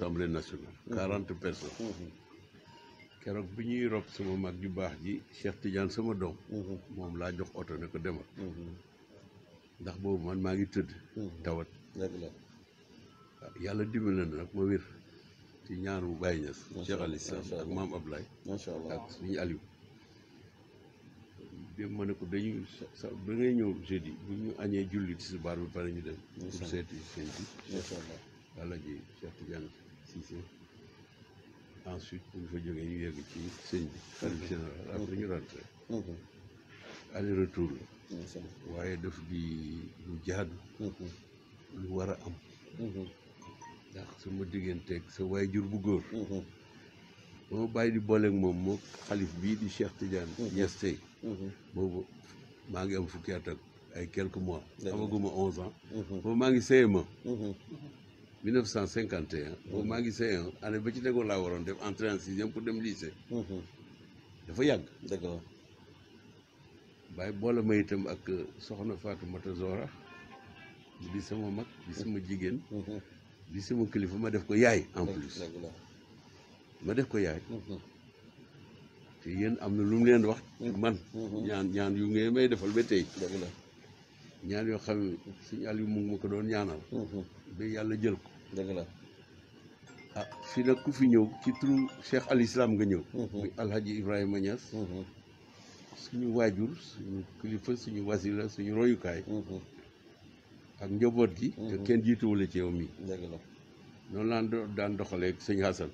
assemblée nationale quarante personnes keroog bi ñuy rob sama mag ju baax ji Cheikh Tidiane sama doom moom laa jox oto ne ko demal ndax boobu man maa ngi tëdd tawat ah, yàlla dimbali na nag ma wér ci ñaaru Baye Niass Cheikh Ali ak maam Ablaye ak suñu Aliou dem ma ne ko dañuy ba ngay ñëw jeudi ñu añee julli tisbaar ba pare ñu dem pour seeti seen bi yàlla ji Cheikh Tidiane Cissé ensuite bu ñu fa jógee ñu yegg ci sëñ bi xalifa général après ñu rentré aller retour la waaye daf di lu jaadu lu war a am ndax sama digganteeg sa waajur bu góor ba ma bàyyi di booleeg moom moo xalif bii di Cheikh Tidiane Niass tey boobu maa ngi am fukki at ay quelques mois amaguma onze ans boobu maa ngi sëye ma 1951. boobu maa ngi C1 année ba ci tegoon laa waroon def entrée en sixième pour dem lycée. Mhm. dafa yàgg. dëgg la waaye boole ma itam ak euh, soxna Fatou Mata Zora di sama mag di sama jigéen. Mhm. di sama kilifa ma def ko yaay. en plus ma def ko yaay. Mhm. te yéen am na lu mu leen wax. man ñaan ñaan yu ngeen may defal ba tey. ñaan yoo xam ne yu mu ma ko doon ñaanal. ba yàlla jël ko. dëgg la ah fii nag ku fi ñëw ci turu Cheikh al nga ñëw. Mhm. muy Alhaji Ibrahima Niass. Mhm. suñu waajur suñu kilifa suñu wasila suñu royukaay. Mhm. ak njaboot gi. te kenn jiituwul ci yow la noonu laan daan doxalee ak sëñ Hassan.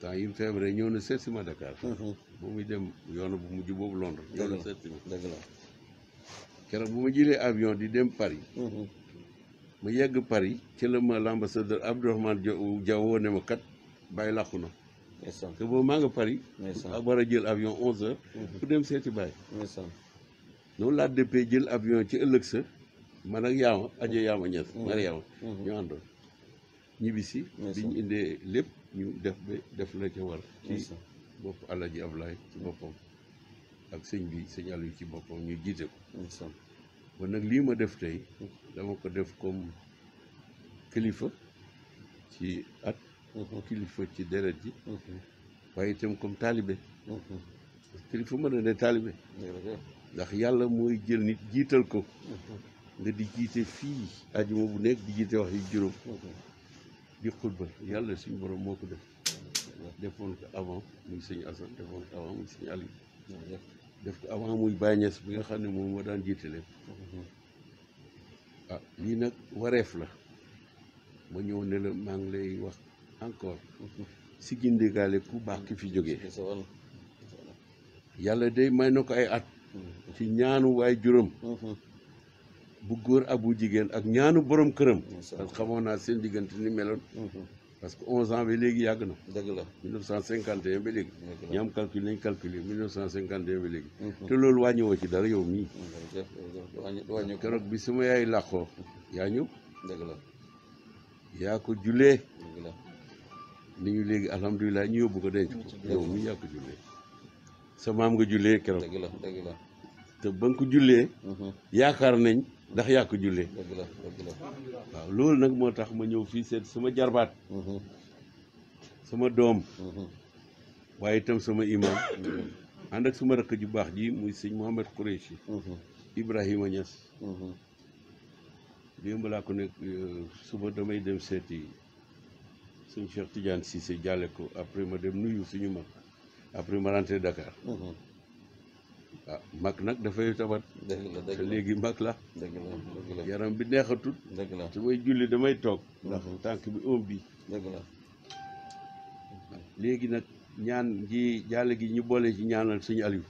temps yi mu feebaree ñëw na seet si ma Dakar. bu muy dem yoonu bu mujj boobu Londres. dëgg la ñëw na seet bu ma jëlee avion di dem Paris. ma yegg Paris ci la ma l'ambassadeur Abdourahmane euh, Diaw woo ne ma kat Baye làqu na. te boobu maa nga Paris. ak a jël avion 11h. Mhm. pour dem seeti Baye. noonu laa dëppee jël avion ci ëllëg sa man ak yaama ajo yaama ñes mhm. mari yaama mhm. ñu àndoon ñibbisi bi indee lépp ñu def ba def la ca war ci bopp Alaaji Ablaay ci boppam ak sëñ bi sëñ Aliou ci boppam ñu jiite ko kon nag lii ma def tey dama ko def comme kilifa ci at mhm. kilifa ci deret ji mhm. waaye itam comme taalibe mhm. kilifa mën a ne taalibe ndax yàlla mooy jël nit jiital ko nga di jiite fii ajuma bu nekk di jiite wax yi juróom di xutba yàlla suñu borom moo ko def defoon ko avant muy sëñ Assane defoon ko avant muy sëñ Aliou def ko avant muy Baye bi nga xam ne moom moo daan jiite leen ah lii nag wareef la ma ñëw ne la maa ngi lay wax encore si gindigaale ku baax ki fi jógee yàlla de may na ko ay at ci ñaanu waay juróom bu góor ak jigéen ak ñaanu boroom këram parce xamoon naa seen diggante ni meloon parce que onze ans ba léegi yàgg na. dëgg la 1951 ba léegi. dëgg ñi am calcul nañ calculé 1951 te loolu wàññiwoo ci dara yow mii. wàññi keroog bi sama yaay làqoo yaa ñu dëgg la yaa ko jullee. dëgg la ni ñu léegi alhamdulilah ñu yóbbu ko denc ko yow mii yaa ko jullee sa maam nga jullee keroog. te ba nga ko jullee mhm. yaakaar nañ ndax yaa ko jullee waaw loolu nag moo tax ma ñëw fii seet sama jarbaat mhm. sama doom mhm. waaye itam sama imam ànd ak suma rakk ju baax ji muy sëñ Mouhamed Kourechi Ibrahima Niass démb laa ko nekk euh, suba damay dem seeti sëñ Cheikh si Cissé jàlle ko après ma dem nuyu suñu mag après ma rentré Dakar ah mag nag dafay tabat. te léegi mag la. yaram bi neexatul. dëgg la su may julli damay toog. ndax tànk bi oom bi. léegi nag ñaan gi jàll gi ñu boole ci ñaanal suñu Aliou.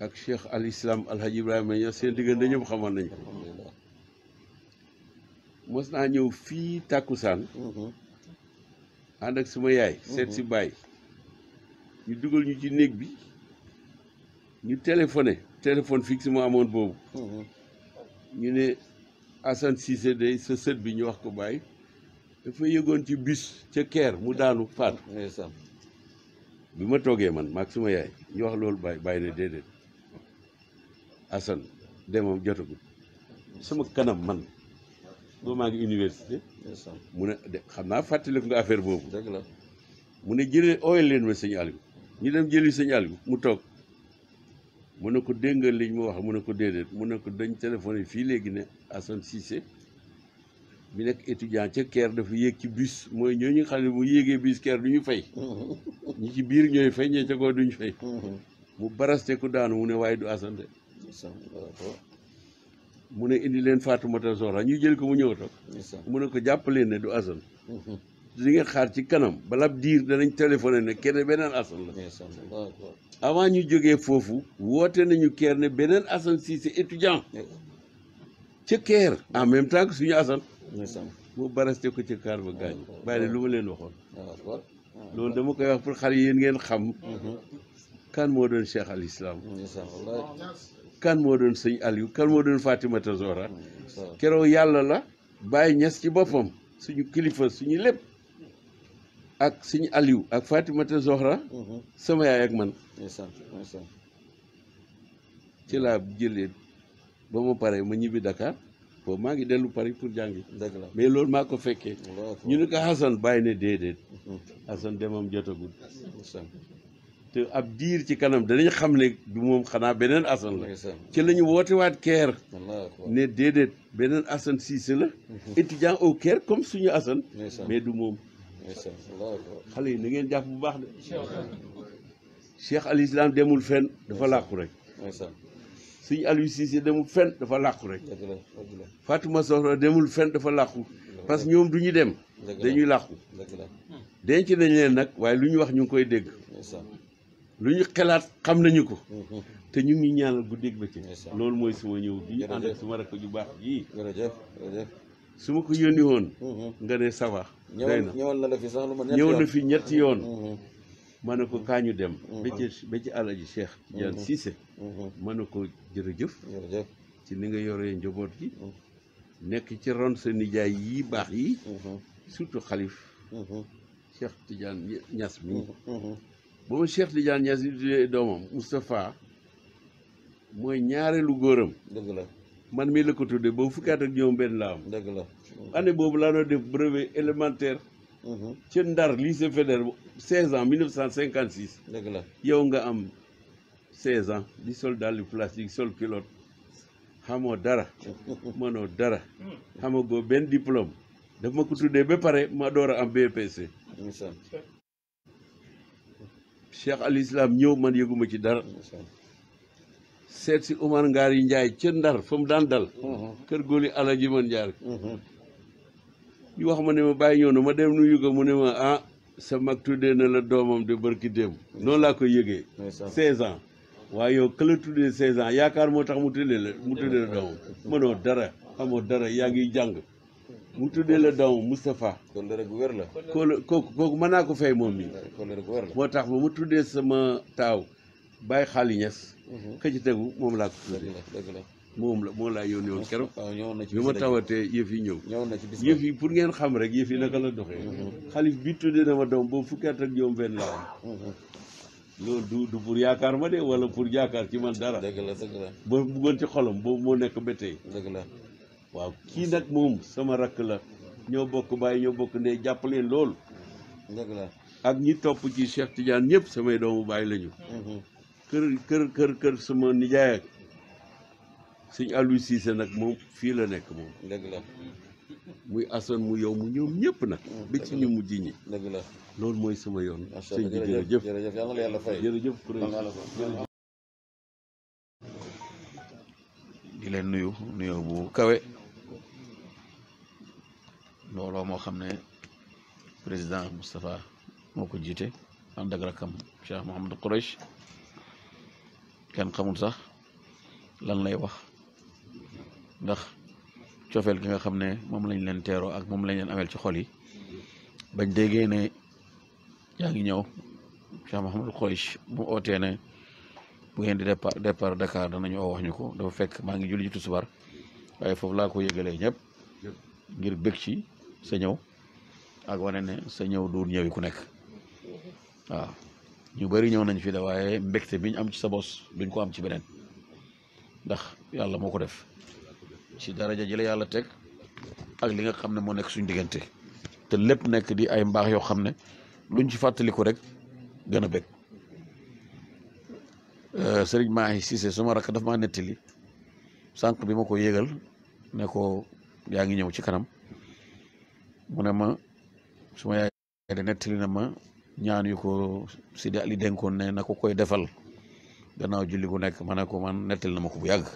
ak Cheikh al Islam Al Hadj Ibrahima seen diggante ñëpp xamoon nañu. mos naa ñëw fii tàkkusaan mhm. ànd ak suma yaay. seet mhm. si baay. ñu dugal ñu ci néeg bi. ñu téléphoné téléphone si mu amoon boobu. Mm-hmm. ñu ne Assane Cissé day sa sët bi ñu wax ko bàyyi dafa yëgoon ci bis ca Caire mu daanu faatu. bi ma toogee man maag suma yaay ñu wax loolu bàyyi bàyyi ne déedéet Assane demam jotagul sama kanam man boo maa ngi université. mu ne xam naa fàttaliku nga affaire boobu. dëgg la mu ne jële ooyal leen ma sëñ Aliou ñu dem jëli sëñ Aliou mu toog. mu ne ko dégg liñ mu wax mu ne ko déedéet mu ne ko dañ téléphoné fii léegi ne Assane Cissé bi nekk étudiant ca Caire dafa yéeg ci bus mooy ñooñu xam ne bu yéegee bus Caire du ñu fay biir ñooy fay ñee ca koo duñu fay mu baraste ku daanu mu ne waaye du Assane de mu ne indi leen Fatoumata Zora ñu jël ko mu ñëw toog mu ne ko jàppaleen ne du Assane di ngeen xaar ci kanam balaa diir danañ téléphoné ne Kerne beneen Assane la. avant ñu jógee foofu woote nañu ne beneen Assane Cissé étudiant. ca Kër en même temps que suñu Assane. moo baraste ko ca kaar ba gaañ. bàyyi lu ma leen waxoon. Ah, ah, loolu dama koy wax pour xar yéen ngeen xam. Mm-hmm. kan moo doon Cheikh al Islam. kan moo doon sëñ Aliou kan moo doon Fatima Tazora. Mm-hmm. keroog yàlla la bàyyi ñas ci boppam suñu kilifa suñu lépp. ak suñu Aliou ak Fatimata Zohra mhm. sama yaay ak man ci laa jëlee ba ma pare ma ñibbi Dakar boobu maa ngi dellu Paris pour jàngi mais loolu maa ko fekkee ñu ne ko Hassan bàyyi ne déedéet mhm. Hassan demam jotagul te ab diir ci kanam danañ xam ne du moom xanaa beneen Assane la ci la ñu wootewaat Caire ne déedéet beneen Assane Cissé la mhm. étudiant au Caire comme suñu Assane mais du moom xale yi na ngeen jàpp bu baax de cheikh al demul fen dafa làqu rek sëñ Aliou Cissé demul fenn dafa làqu rek Fatuma Soxna demul fen dafa làqu parce que ñoom du ñu dem dañuy làqu denc nañ leen nag waaye lu ñu wax ñu ngi koy dégg lu ñu xelaat xam nañu ko mhm. te ñu ngi ñaanal guddeeg bëccëg loolu mooy suma ñëw bii ànd ak suma rakk ju baax yii su ma ko yónni woon. Mhm. nga ne ça va. day na la fi sax lu ma ñetti yoon ñëw na fi ñetti yoon. Mhm. ma ne ko kaañu dem. Mhm. ba ci ba ci Alaaji Cheikh mën Cissé. ma ko jërëjëf. jërëjëf ci li nga yoree njaboot gi. nekk ci ron sa nijaay yi baax yi. surtout xalif. Cheikh Tidiane Niass mi. ba ma Cheikh Tidiane Niass di doomam Moustapha mooy ñaareelu góoram. dëgg man mii la ko tuddee boobu fukki at ak ñoom benn laa am. dëgg la année boobu laa doon def brevet élémentaire. Mhm. ci Ndar lycée Faidherbe bu 16 ans 1956. la yow nga am 16 ans di sol dàll plastique sol culotte xamoo dara. mënoo dara. Hmm. xamagoo benn diplôme. daf ma ko tuddee ba pare ma door a am BPC. incha allah Al Islam ñëw man yëguma ci dara. seet si Umar Ngaar yi Njaay ca Ndar fa mu daan dal mhm. kër góoli ala ji man njaar mhm. ñu wax ma ne ma bàyyi ñëw na ma dem nuyu ko mu ne ma ah sa mag tuddee na la doomam de barki démb noonu laa ko yëgee seize ans waaye yow këla tuddee seize ans yaakaar moo tax mu tuddee la mu tuddee la doomam mënoo dara amoo dara yaa ngi jàng mu tuddee la doom Moustapha. kóllëre gu wér la. kooku kooku mën naa ko fay moom mii. kóllëre moo tax ba mu tuddee sama taaw Baye Xaali Ñas ka mhm. ci tegu moom laa ko la moom la moo laa yónnee woon keroog bi ma tawatee yëf yi ñëw yëf yi pour ngeen xam rek yëf yi mhm. naka la doxee mhm. xalif bi tuddee na ma doom boo fukki at ak juróom benn laa am loolu du pour yaakaar ma de wala pour yaakaar ci man dara dëgg la dëgg la ba buggoon ci boobu moo nekk ba tey dëgg la waaw kii nag moom sama rakk la ñoo bokk bàyyi ñoo bokk ne jàpp leen loolu la ak ñi topp ci Cheikh Tidiane ñëpp samay doomu bàyyi lañu kër kër kër kër sama nijaay ak sëñ Aliou Cissé nag moom fii la nekk moom. dëgg muy asan mu yow mu ñoom ñëpp nag. Mm, bi ci ñu mu ñi. dëgg loolu mooy sama yoon. sëñ bi jërëjëf jërëjëf yàlla na yàlla fay jërëjëf di leen nuyu nuyoo bu kawe looloo moo xam ne président Moustapha moo ko jiite ànd ak rakam Cheikh Mouhamadou Quraish. kenn xamul sax lan lay wax ndax cofeel gi nga xam ne moom lañ leen teeroo ak moom lañ leen ameel ci xoli yi bañ déggee ne yaa ngi ñëw Cheikh Mahamadou Khoureychi bu ootee ne bu ngeen di départ départ Dakar danañu oo wax ñu ko dafa fekk maa ngi julli ji tusubar waaye foofu laa ko yëgalee ñëpp ngir bëgg ci sa ñëw ak wane ne sa ñëw du ñëwi ku nekk waaw ñu bari ñëw nañ fii de waaye mbégte bi ñu am ci sa bos duñ ko am ci beneen ndax yàlla moo ko def ci daraja ji la yàlla teg ak li nga xam ne moo nekk suñu diggante te lépp nekk di ay mbaax yoo xam ne luñ ci fàttaliku rek gën a bég euh, sëriñ Mahi Cissé suma rakk dafa maa nettali sànq bi ma ko yégal ne ko yaa ngi ñëw ci kanam mu ne ma suma yaay nettali na ma ñaan yu ko Sidi Ali dénkoon ne na ko koy defal gannaaw julli bu nekk ma ne ko man nettali na ma ko bu yàgg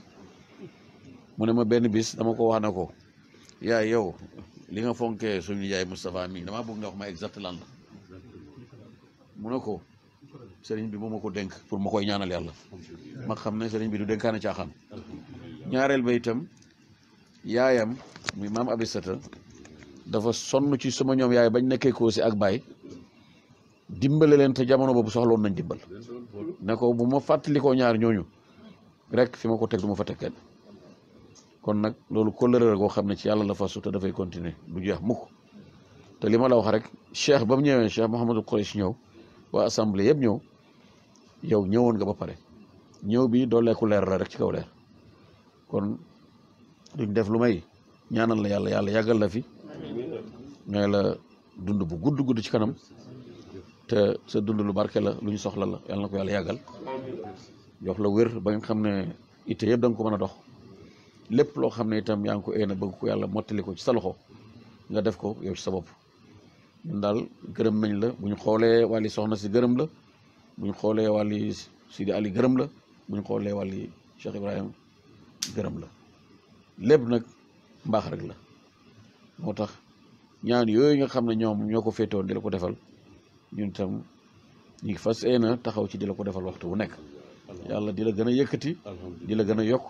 mu ne ma benn bis dama ko wax na ko yaay yow li nga fonkee suñu yaay Moustapha damaa bëgg nga ma exact lan ne ko sëriñ bi moom ma ko dénk pour ma koy ñaanal yàlla ma xam ne sëriñ bi du dénkaane caaxaan ñaareel ba itam yaayam muy maam Abisata dafa sonn ci suma ñoom yaay bañ nekkee koo si ak baay dimbale leen te jamono boobu soxla woon nañ dimbal ne ko bu ma fàttalikoo ñaar ñooñu rek fi ma ko teg du ma fa teg kenn kon nag loolu kóllëre la xam ne ci yàlla la fasu te dafay continuer du jeex mukk te li ma la wax rek cheikh ba mu ñëwee cheikh Mouhamadou Quraysh ñëw waa assemblée yëpp ñëw yow ñëwoon nga ba pare ñëw bi dooleeku leer la rek ci kaw leer kon duñ def lu may ñaanal la yàlla yàlla yàggal la fi ngay la dund bu gudd gudd ci kanam te sa dund lu barke la lu ñu soxla la yàlla na ko yàlla yàggal jox la wér ba nga xam ne itte yëpp danga ko mën a dox lépp loo xam ne itam yaa ngi ko een bëgg ko yàlla mottali ko ci sa loxo nga def ko yow ci sa bopp ñun daal gërëm nañ la bu ñu xoolee wàlli soxna si gërëm la bu xoolee wàlli Sidi Ali gërëm la buñ xoolee wàlli Cheikh Ibrahim gërëm la lépp nag mbaax rek la moo tax ñaan yooyu nga xam ne ñoom ñoo ko féetoon di la ko defal ñun tam ñu ngi fas yéene taxaw ci di la ko defal waxtu bu nekk yàlla di la gën a yëkkati di la gën a yokk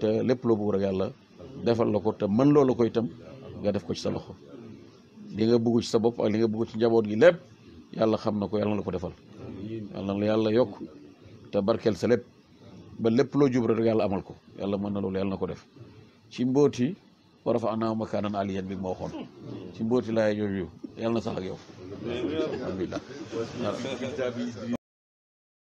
te lépp loo bëgg rek yàlla defal la ko te mën loo la ko itam nga def ko ci sa loxo li nga bëgg ci sa bopp ak li nga bëgg ci njaboot gi lépp yàlla xam na ko yàlla la ko defal yàlla yàlla yokk te barkeel sa lépp lépp loo jub rek yàlla amal ko yàlla mën na loolu yàlla na ko def ci mbooti war a fa anaaw makaanan aliyan bi ma waxoon ci mbooti laay yooyu yàlla na sax ak yow alhamdulilah